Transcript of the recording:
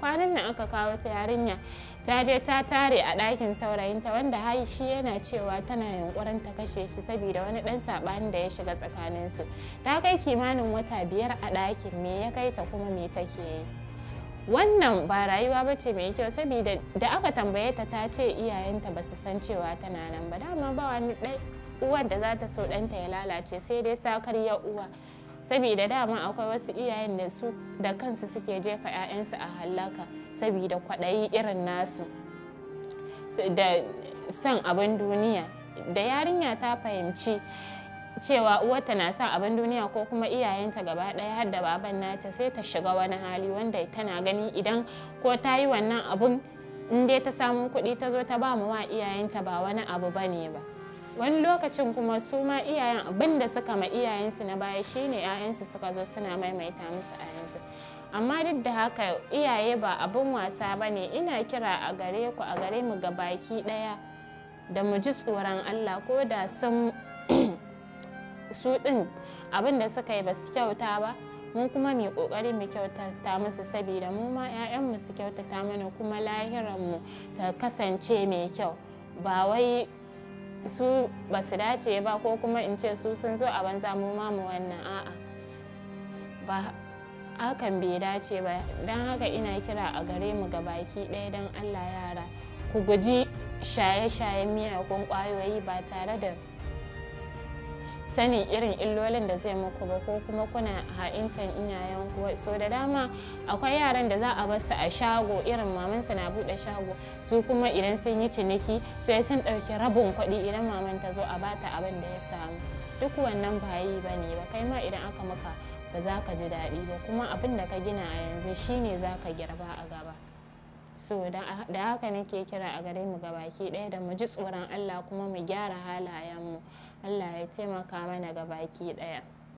kwanan nan aka kawo ta yarinya ta je ta tare a ɗakin saurayinta wanda hai shi yana cewa tana yunkurin ta kashe shi saboda wani ɗan saɓani da ya shiga tsakaninsu ta kai kimanin wata biyar a ɗakin me ya kai ta kuma me take yi wannan ba rayuwa ba ce mai kyau saboda da aka tambaye ta ta ce iyayenta ba su san cewa tana nan ba dama ba wani uwar da za ta so ɗanta ya lalace sai dai sakar ya uwa saboda dama akwai wasu iyayen da su da kansu suke jefa 'ya'yansu a halaka saboda kwaɗayi irin nasu da son abin duniya da yarinya ta fahimci cewa uwarta na son abin duniya ko kuma iyayenta gaba ɗaya har da baban nata sai ta shiga wani hali wanda tana gani idan ko ta yi wannan abin in dai ta samu kuɗi ta zo ta ba mu wa iyayenta ba wani abu ba ne ba wani lokacin kuma su ma iyayen abin da suka ma iyayensu na baya shine 'ya'yansu suka zo suna maimaita musu a yanzu amma duk da haka iyaye ba abin wasa ba ne ina kira a gare ku a gare mu ga baki ɗaya da mu ji tsoron allah ko da sun su ɗin abin da suka yi ba su kyauta ba mu kuma mai kokari mu kyautata musu saboda mu ma 'ya'yanmu su kyautata mana kuma lahiranmu ta kasance mai kyau ba wai su ba su dace ba ko kuma in ce su sun zo a banza mu ma mu wannan a'a ba hakan bai dace ba don haka ina kira a gare mu ga baki ɗaya don allah yara ku guji shaye-shayen miyagun ƙwayoyi ba tare da sanin irin illolin da zai muku ba ko kuma kuna ha'intan iyayen kuwa so da dama akwai yaran da za a basu a shago irin mamansa na bude shago su kuma idan sun yi ciniki sai sun ɗauki rabin kuɗi idan maman ta zo a bata abin da ya samu duk wannan ba yi ba ne ba kai ma idan aka maka ba za ka ji daɗi ba kuma abin da ka gina a yanzu shine za ka girba a gaba. so da haka nake kira a gare mu gabaki daya da mu ji tsoron allah kuma mu gyara halayenmu allah ya taimaka mana gabaki daya.